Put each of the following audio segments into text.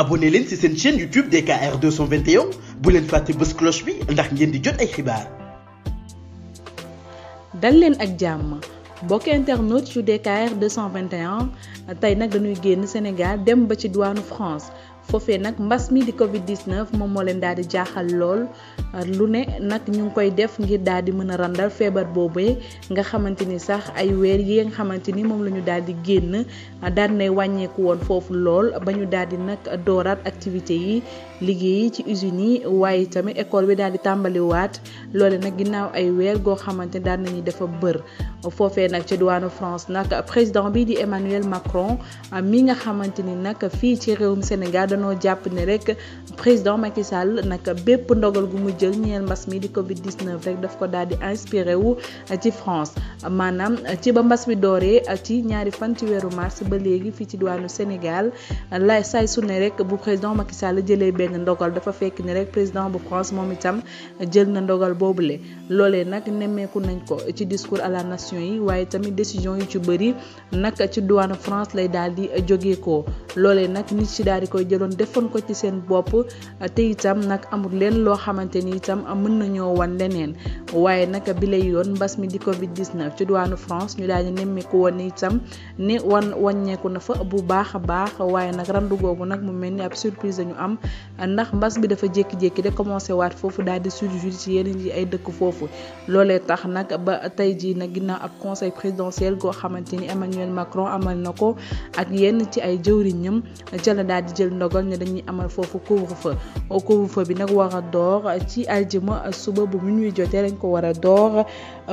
abonné leen ci seen chaîne YouTube DKR 221 bu leen fàtte bës cloche bi ndax ngeen di jot ay xibaar. dal leen ak jàmm mbokk internet yu DKR 221 tey nag dañuy génn Sénégal dem ba ci diwaanu France foofee nag mbas mi di Covid 19 moom moo leen daal di jaaxal lool. Euh, lu ne nag ñu ngi koy def ngir daal di mën a randal feebar boobee nga xamante ni sax ay weer yi xamante ni moom la ñu daal di génn euh, daal nay wàññeeku woon foofu lool ba ñu daal di nag dooraat activité yi liggéey yi ci usines yi waaye tamit école bi daal di tàmbaliwaat loole nag ginnaaw ay weer goo xamante ni daal nañu dafa bër foofee nag ci duwaanu France nag président bii di Emmanuel Macron euh, mi nga xamante ni nag fii ci réewum Sénégal dañoo jàpp ne rek président Macky nag bépp jël ñeel mbas mi di Covid 19 rek daf ko daal maanaam ci ba mbas mi dooree ci ñaari fan ci weeru mars ba léegi fii ci diwaanu Sénégal lay say su rek bu président Macky Sall jëlee benn ndogal dafa fekk ni rek président bu France moom itam jël na ndogal boobule loolee nag nemmeeku nañ ko ci discours à la nation yi waaye tamit décision yu ci bëri nag ci duwaanu France lay daal di jógee ko loolee nag nit ci daal di koy jëloon defoon ko ci seen bopp te itam amul leen loo xamante ni itam mën nañoo wan leneen waaye naka bi lay yoon mbas mi di Covid 19 ci diwaanu France ñu daal di nemmeeku woon ni itam ni wan wàññeeku na fa bu baax a baax waaye nag randu googu nag mu mel ni ab surprise dañu am ndax mbas bi dafa jékki-jékki de commencé waat foofu daal di surjouir ci yeneen yi ay dëkk foofu loolee tax nag ba tey jii nag ginnaaw ab conseil présidentiel goo xamante ni Emmanuel Macron amal na ko ak yenn ci ay jëwriñam ca la daal di jël ndogal ne dañuy amal ci aljuma suba bu ñuy jotee lañ ko war a door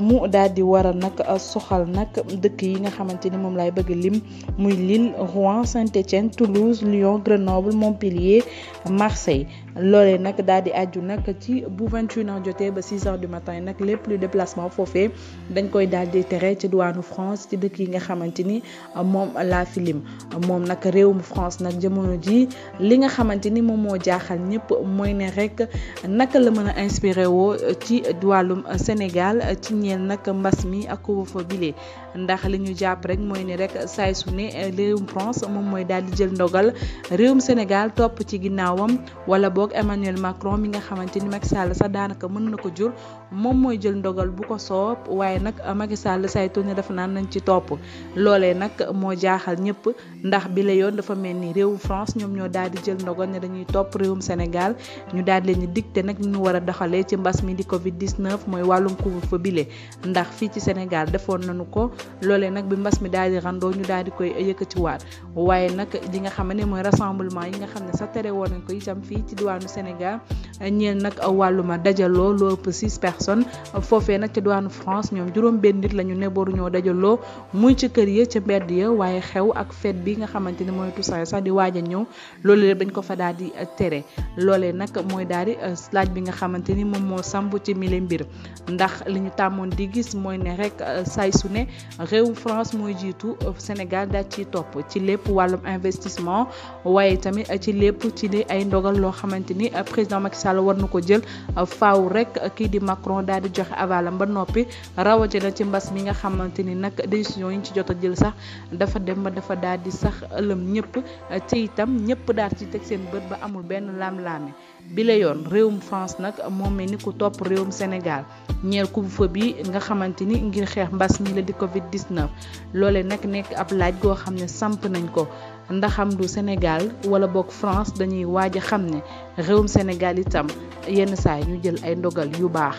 mu daal di war a nag soxal nag dëkk yi nga xamante ni moom laay bëgg lim muy Lille Rouen Saint-Étienne Toulouse Lyon Grenoble Montpellier Marseille loolee nag daal di aju nag ci bu 21h jotee ba 6h du matin nag lépp lu déplacement foofee dañ koy daal di tere ci diwaanu France ci dëkk yi nga xamante ni moom laa fi lim moom nag réewum France nag jamono ji li nga xamante ni moom moo jaaxal ñëpp mooy ne rek naka la mën a inspiré woo euh, ci wàllum euh, Sénégal euh, ci ñeel nag mbas mi ak couvre-feu bile ndax li ñu jàpp rek mooy nii rek saay su ne réewum France moom mooy daal di jël ndogal réewum Sénégal topp ci ginnaawam wala boog Emmanuel Macron mi nga xamante ni Macky Sall sax daanaka mën na ko jur moom mooy jël ndogal bu ko soob waaye nag Macky Sall saay tourné dafa naan nañ ci topp loolee nag moo jaaxal ñëpp ndax bi yoon dafa mel ni réewum France ñoom ñoo daal jël ndogal ne dañuy topp réewum Sénégal ñu daal di leen dicté nag ñu war a doxalee ci mbas mi di Covid 19 mooy wàllum couvre-feu bile ndax fii ci Sénégal defoon nañu ko loolee nag bi mbas mi daal di randoo ñu daal di koy yëkkatiwaat waaye nag li nga xam ne mooy rassemblement yi nga xam ne sax tere woon nañ ko itam fii ci diwaanu Sénégal ñeel nag wàlluma dajaloo lu ëpp six personnes foofee nak ci diwaanu France ñoom juróom-benn nit la ñu ne boru ñoo dajaloo muy ci kër ya ca mbedd ya waaye xew ak fet bi nga xamante ne mooy Toussaint sax di waaj a ñëw loolu nga xamante ni moom moo samp ci mile mbir ndax li ñu tàmmoon di gis mooy ne rek euh, say su ne réewum France mooy jiitu euh, Sénégal daal ciy topp ci lépp wàllum investissement waaye tamit euh, ci lépp ci li ay ndogal loo xamante ni président Macky Sall war na ko jël faaw rek kii di Macron daal di joxe avalam ba noppi rawatina ci mbas mi nga xamante ni nag décision yi ci jot a jël sax dafa dem ba dafa daal di sax ëlëm ñëpp te itam ñëpp daal ci teg seen bët ba amul benn laam nag moo mel ni ku topp réewum Sénégal ñeel couvre-feu bi nga xamante ni ngir xeex mbas mi la di Covid 19 loole nag nekk ab laaj goo xam ne samp nañ ko. ndaxam du Sénégal wala bokk France dañuy waaj a xam ne réewum Sénégal itam yenn saa yi ñu jël ay ndogal yu baax.